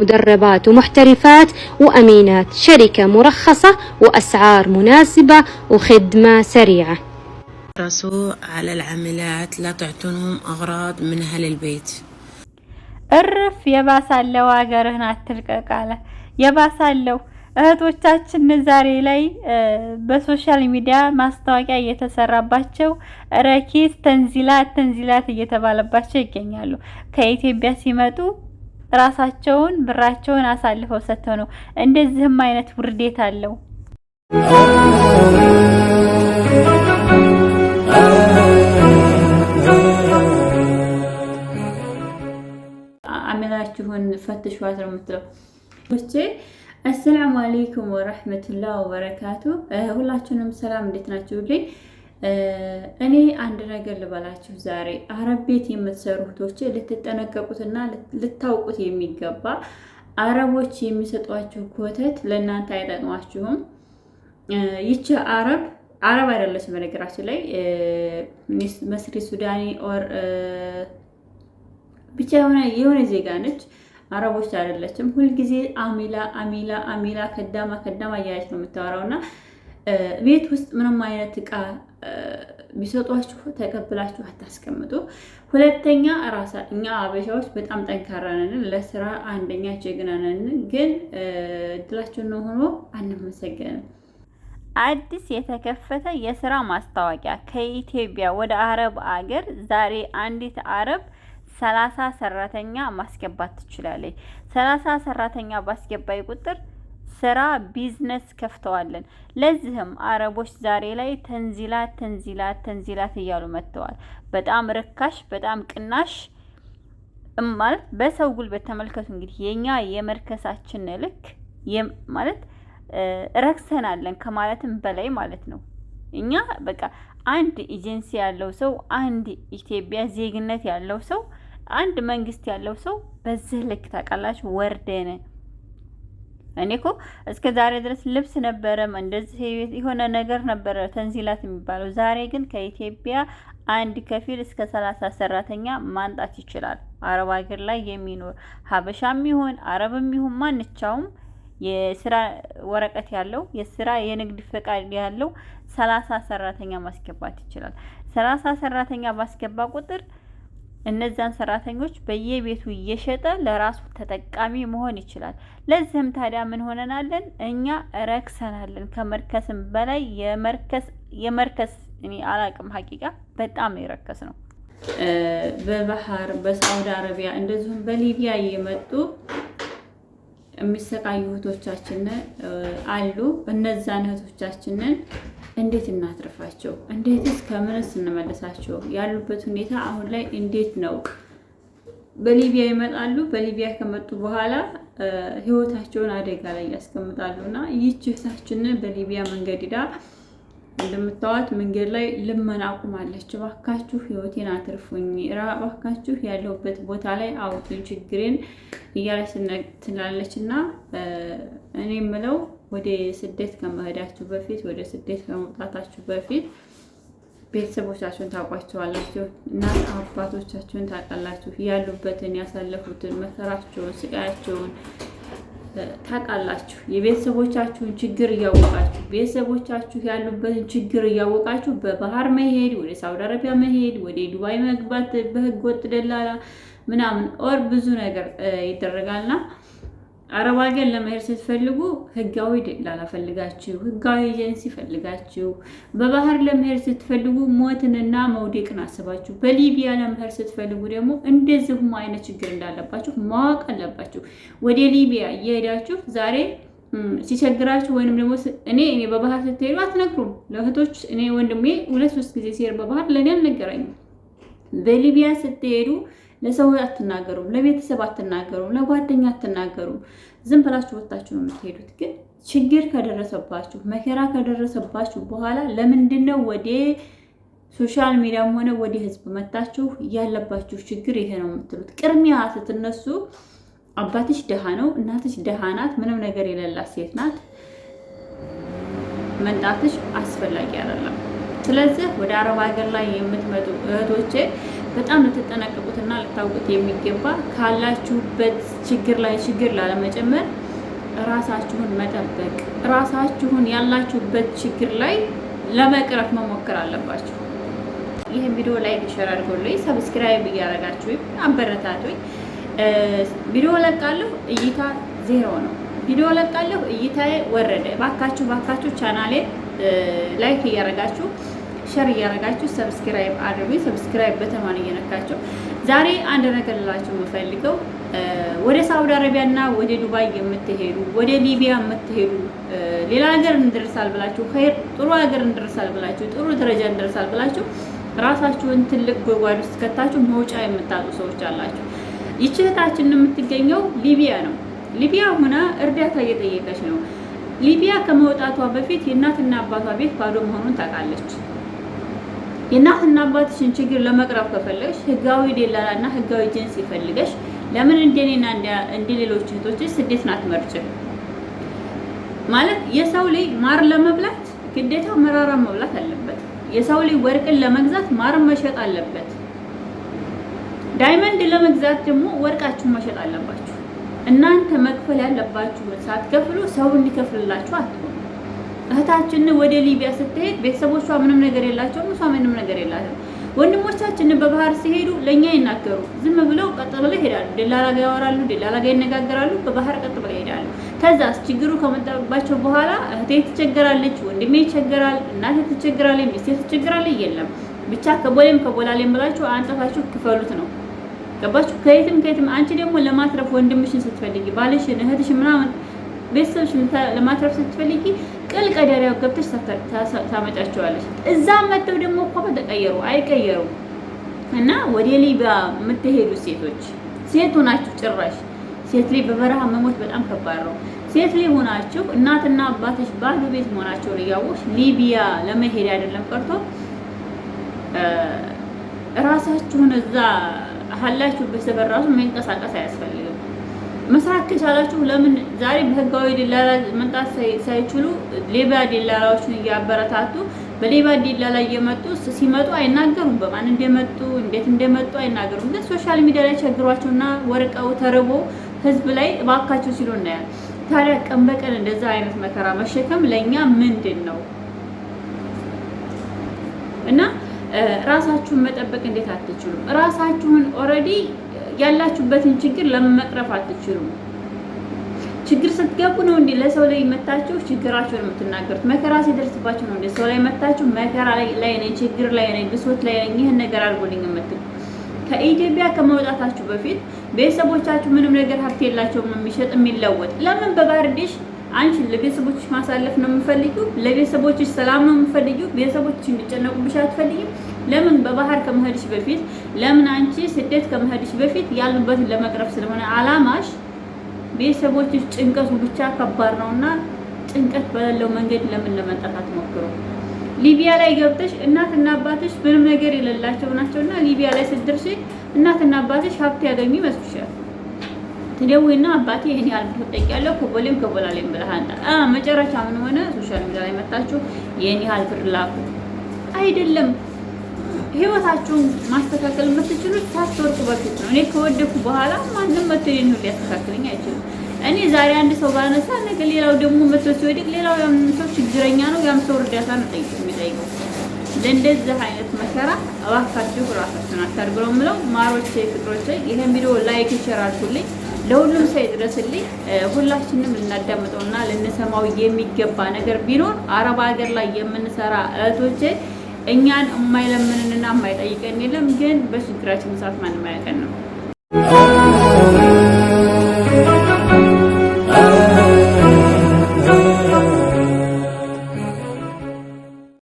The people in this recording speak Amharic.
مدربات ومحترفات وأمينات شركة مرخصة وأسعار مناسبة وخدمة سريعة رسوا على العاملات لا تعطونهم أغراض من أهل البيت يا اللو እርፍ የባሳለው ሀገርህን አትልቀቅ አለ። የባሳለው እህቶቻችን ዛሬ ላይ በሶሻል ሚዲያ ማስታወቂያ እየተሰራባቸው ረኪስ ተንዚላት ተንዚላት እየተባለባቸው ይገኛሉ። ከኢትዮጵያ ሲመጡ ራሳቸውን ብራቸውን አሳልፈው ሰጥተው ነው። እንደዚህም አይነት ውርዴት አለው። አሚናችሁን ፈትሿት ነው የምትለው። አሰላሙ አሌይኩም ወረህመቱላህ ወበረካቱ። ሁላችሁንም ሰላም፣ እንዴት ናችሁልኝ? እኔ አንድ ነገር ልበላችሁ ዛሬ አረብ ቤት የምትሰሩ እህቶች ልትጠነቀቁትና ልታውቁት የሚገባ አረቦች የሚሰጧችሁ ኮተት ለእናንተ አይጠቅማችሁም። ይቺ አረብ አረብ አይደለች በነገራችን ላይ መስሪ ሱዳኒ ኦር ብቻ የሆነ የሆነ ዜጋ ነች። አረቦች አይደለችም። ሁልጊዜ አሚላ አሚላ አሚላ ከዳማ ከዳማ እያለች ነው የምታወራው እና ቤት ውስጥ ምንም አይነት እቃ ቢሰጧችሁ ተቀብላችሁ አታስቀምጡ። ሁለተኛ ራሳ እኛ አበሻዎች በጣም ጠንካራ ነን፣ ለስራ አንደኛ ጀግና ነን። ግን እድላችን ነው ሆኖ አንመሰገንም። አዲስ የተከፈተ የስራ ማስታወቂያ ከኢትዮጵያ ወደ አረብ አገር ዛሬ አንዲት አረብ ሰላሳ ሰራተኛ ማስገባት ትችላለች። ሰላሳ ሰራተኛ ባስገባይ ቁጥር ስራ ቢዝነስ ከፍተዋለን። ለዚህም አረቦች ዛሬ ላይ ተንዚላት ተንዚላት ተንዚላት እያሉ መጥተዋል። በጣም ርካሽ፣ በጣም ቅናሽ ማለት በሰው ጉልበት ተመልከቱ። እንግዲህ የኛ የመርከሳችን ልክ ማለት ረክሰናለን ከማለትም በላይ ማለት ነው። እኛ በቃ አንድ ኤጀንሲ ያለው ሰው፣ አንድ ኢትዮጵያ ዜግነት ያለው ሰው፣ አንድ መንግስት ያለው ሰው በዚህ ልክ ታውቃላችሁ ወርደን እኔ እኮ እስከ ዛሬ ድረስ ልብስ ነበረም እንደዚህ የሆነ ነገር ነበረ ተንዚላት የሚባለው። ዛሬ ግን ከኢትዮጵያ አንድ ከፊል እስከ ሰላሳ ሰራተኛ ማንጣት ይችላል። አረብ ሀገር ላይ የሚኖር ሀበሻም ይሁን አረብም ይሁን ማንቻውም የስራ ወረቀት ያለው የስራ የንግድ ፈቃድ ያለው ሰላሳ ሰራተኛ ማስገባት ይችላል። ሰላሳ ሰራተኛ ባስገባ ቁጥር እነዛን ሰራተኞች በየቤቱ እየሸጠ ለራሱ ተጠቃሚ መሆን ይችላል። ለዚህም ታዲያ ምን ሆነናለን? እኛ ረክሰናለን። ከመርከስም በላይ የመርከስ የመርከስ እኔ አላቅም ሀቂቃ በጣም የረከስ ነው። በባህር በሳውዲ አረቢያ እንደዚሁም በሊቢያ የመጡ የሚሰቃዩ እህቶቻችንን አሉ። እነዛን እህቶቻችንን እንዴት እናትርፋቸው? እንዴትስ ከምንስ እንመልሳቸው? ያሉበት ሁኔታ አሁን ላይ እንዴት ነው? በሊቢያ ይመጣሉ። በሊቢያ ከመጡ በኋላ ህይወታቸውን አደጋ ላይ ያስቀምጣሉ እና ይህች እህታችንን በሊቢያ መንገድ ዳ እንደምታዋት መንገድ ላይ ልመና አቁማለች። ባካችሁ ህይወቴን አትርፉኝ፣ ራ ባካችሁ ያለሁበት ቦታ ላይ አውጡኝ፣ ችግሬን እያለች ትላለች እና እኔ የምለው ወደ ስደት ከመሄዳችሁ በፊት ወደ ስደት ከመውጣታችሁ በፊት ቤተሰቦቻችሁን ታውቋቸዋላችሁ እና አባቶቻችሁን ታውቃላችሁ። ያሉበትን ያሳለፉትን መከራቸውን፣ ስቃያቸውን ታውቃላችሁ። የቤተሰቦቻችሁን ችግር እያወቃችሁ ቤተሰቦቻችሁ ያሉበትን ችግር እያወቃችሁ በባህር መሄድ፣ ወደ ሳውዲ አረቢያ መሄድ፣ ወደ ዱባይ መግባት በህገ ወጥ ደላላ ምናምን ኦር ብዙ ነገር ይደረጋልና አረብ ሀገር ለመሄድ ስትፈልጉ ህጋዊ ደላላ ፈልጋችሁ፣ ህጋዊ ኤጀንሲ ፈልጋችሁ፣ በባህር ለመሄድ ስትፈልጉ ሞትንና መውደቅን አስባችሁ፣ በሊቢያ ለመሄድ ስትፈልጉ ደግሞ እንደዚሁም አይነት ችግር እንዳለባችሁ ማወቅ አለባችሁ። ወደ ሊቢያ እየሄዳችሁ ዛሬ ሲቸግራችሁ ወይንም ደግሞ እኔ እኔ በባህር ስትሄዱ አትነግሩም። ለእህቶች እኔ ወንድሜ ሁለት ሶስት ጊዜ ሲሄድ በባህር ለእኔ አልነገረኝም። በሊቢያ ስትሄዱ ለሰው አትናገሩም፣ ለቤተሰብ አትናገሩም፣ ለጓደኛ አትናገሩም። ዝም ብላችሁ ወጥታችሁ ነው የምትሄዱት። ግን ችግር ከደረሰባችሁ መከራ ከደረሰባችሁ በኋላ ለምንድን ነው ወደ ሶሻል ሚዲያም ሆነ ወደ ህዝብ መታችሁ ያለባችሁ ችግር ይሄ ነው የምትሉት? ቅድሚያ ስትነሱ አባትሽ ደሃ ነው፣ እናትሽ ደሃ ናት፣ ምንም ነገር የሌላት ሴት ናት መንጣትሽ አስፈላጊ አይደለም። ስለዚህ ወደ አረብ ሀገር ላይ የምትመጡ እህቶቼ በጣም ልትጠነቀቁትና ልታውቁት የሚገባ ካላችሁበት ችግር ላይ ችግር ላለመጨመር ራሳችሁን መጠበቅ፣ ራሳችሁን ያላችሁበት ችግር ላይ ለመቅረፍ መሞከር አለባችሁ። ይህን ቪዲዮ ላይ ሸር አድርጎልኝ ሰብስክራይብ እያደረጋችሁ አበረታቶኝ። ቪዲዮ ለቃለሁ እይታ ዜሮ ነው። ቪዲዮ ለቃለሁ እይታ ወረደ። ባካችሁ ባካችሁ ቻናሌ ላይክ እያደረጋችሁ ሸር እያደረጋችሁ ሰብስክራይብ አድርጉኝ። ሰብስክራይብ በተማን እየነካችሁ ዛሬ አንድ ነገር ልላችሁ የምፈልገው ወደ ሳውዲ አረቢያ አረቢያና ወደ ዱባይ የምትሄዱ ወደ ሊቢያ የምትሄዱ ሌላ ሀገር እንደርሳል ብላችሁ ኸይር ጥሩ ሀገር እንደርሳል ብላችሁ ጥሩ ደረጃ እንደርሳል ብላችሁ ራሳችሁን ትልቅ ጉድጓድ ውስጥ ከታችሁ መውጫ የምታጡ ሰዎች አላችሁ። ይቺ እህታችን የምትገኘው ሊቢያ ነው። ሊቢያ ሆና እርዳታ እየጠየቀች ነው። ሊቢያ ከመውጣቷ በፊት የእናትና አባቷ ቤት ባዶ መሆኑን ታውቃለች። የእናትና አባትሽን ችግር ለመቅረፍ ከፈለግሽ ህጋዊ ደላላ እና ህጋዊ ጀንስ ይፈልገሽ። ለምን እንደኔና እንደ ሌሎች እህቶችሽ ናት መርጭ ማለት የሰው ልጅ ማር ለመብላት ግዴታ መራራ መብላት አለበት። የሰው ልጅ ወርቅን ለመግዛት ማር መሸጥ አለበት። ዳይመንድ ለመግዛት ደግሞ ወርቃችሁ መሸጥ አለባችሁ። እናንተ መክፈል ያለባችሁ ሳትከፍሉ ሰው እንዲከፍልላችሁ አትሆኑ። እህታችን ወደ ሊቢያ ስትሄድ ቤተሰቦቿ ምንም ነገር የላቸውም፣ እሷ ምንም ነገር የላትም። ወንድሞቻችንን በባህር ሲሄዱ ለእኛ ይናገሩ ዝም ብለው ቀጥ ብለው ይሄዳሉ። ደላላ ጋ ያወራሉ፣ ደላላ ጋ ይነጋገራሉ። በባህር ቀጥ ብለው ይሄዳሉ። ከዛ ችግሩ ከመጣባቸው በኋላ እህቴ ትቸገራለች፣ ወንድሜ ይቸገራል፣ እናቴ ትቸገራለች፣ ሚስቴ ትቸገራለች። የለም ብቻ ከቦሌም ከቦላሌም ብላችሁ አንጠፋችሁ ክፈሉት ነው ገባችሁ? ከየትም ከየትም አንቺ ደግሞ ለማትረፍ ወንድምሽን ስትፈልጊ፣ ባልሽን፣ እህትሽን ምናምን ቤተሰብሽን ለማትረፍ ስትፈልጊ ቅል ቀዳዳው ገብተሽ ታመጫቸዋለች። እዛ መጥተው ደግሞ እኮ ተቀየሩ አይቀየሩ እና ወደ ሊቢያ የምትሄዱ ሴቶች ሴት ሆናችሁ ጭራሽ ሴት ላይ በበረሃ መሞት በጣም ከባድ ነው። ሴት ላይ ሆናችሁ እናትና አባቶች ባሉ ቤት መሆናቸውን እያወቅሽ ሊቢያ ለመሄድ አይደለም ቀርቶ እራሳችሁን እዛ ሀላችሁበት ሰፈር መንቀሳቀስ አያስፈልግም። መስራት ከቻላችሁ ለምን ዛሬ በህጋዊ ደላላ መምጣት ሳይችሉ ሌባ ደላላዎችን እያበረታቱ በሌባ ደላላ እየመጡ ሲመጡ አይናገሩም። በማን እንደመጡ እንዴት እንደመጡ አይናገሩም። ግን ሶሻል ሚዲያ ላይ ቸግሯቸውና ወርቀው ተርቦ ህዝብ ላይ እባካቸው ሲሉ እናያል። ታዲያ ቀን በቀን እንደዛ አይነት መከራ መሸከም ለእኛ ምንድን ነው? እና ራሳችሁን መጠበቅ እንዴት አትችሉም? ራሳችሁን ኦልሬዲ ያላችሁበትን ችግር ለመቅረፍ አትችሉም። ችግር ስትገቡ ነው እንዴ ለሰው ላይ መታችሁ ችግራችሁን የምትናገሩት? መከራ ሲደርስባችሁ ነው እንዴ ሰው ላይ መታችሁ መከራ ላይ ነኝ፣ ችግር ላይ ነኝ፣ ብሶት ላይ ነኝ፣ ይህን ነገር አድርጎልኝ የምትሉ? ከኢትዮጵያ ከመውጣታችሁ በፊት ቤተሰቦቻችሁ ምንም ነገር ሀብት የላቸውም፣ የሚሸጥ የሚለወጥ። ለምን በባርዲሽ አንቺ ለቤተሰቦችሽ ማሳለፍ ነው የምፈልጊው? ለቤተሰቦችሽ ሰላም ነው የምፈልጊው? ቤተሰቦችሽ እንዲጨነቁብሽ አትፈልጊም? ለምን በባህር ከመሄድሽ በፊት ለምን አንቺ ስደት ከመሄድሽ በፊት ያሉበትን ለመቅረፍ ስለሆነ አላማሽ ቤተሰቦችሽ ጭንቀቱ ብቻ ከባድ ነውና ጭንቀት በሌለው መንገድ ለምን ለመምጣት ሞክሮ ሊቢያ ላይ ገብተሽ እናትና አባትሽ ምንም ነገር የሌላቸው ናቸውና ሊቢያ ላይ ስትደርሺ እናትና አባትሽ ሀብት ያገኙ ይመስልሻል? ትደውይና አባቴ ይሄን ያህል ብር ጠይቄያለሁ ከቦሌም ከቦላሌም ብለሃል። መጨረሻ ምን ሆነ? ሶሻል ሚዲያ ላይ መጣችሁ ይሄን ያህል ብር ላኩ አይደለም ህይወታችሁን ማስተካከል የምትችሉት ሳትወርቁ በፊት ነው። እኔ ከወደኩ በኋላ ማንም መቶ ይህን ሁሉ ሊያስተካክለኝ አይችልም። እኔ ዛሬ አንድ ሰው ባነሳ ነገ ሌላው ደግሞ መቶ ሲወድቅ ሌላው ያም ሰው ችግረኛ ነው፣ ያም ሰው እርዳታ ነው ጠይቅ የሚጠይቀው። ለእንደዚህ አይነት መከራ እባካችሁ ራሳችሁን አታድርጉ የምለው። ማሮቼ ፍቅሮቼ፣ ይህን ቪዲዮ ላይክ ሼር ለሁሉም ሰው ይድረስልኝ። ሁላችንም ልናዳምጠውና ልንሰማው የሚገባ ነገር ቢኖር አረብ ሀገር ላይ የምንሰራ እህቶቼ እኛን የማይለምንንና የማይጠይቀን የለም። ግን በችግራችን ሰዓት ማንም አያውቀን ነው።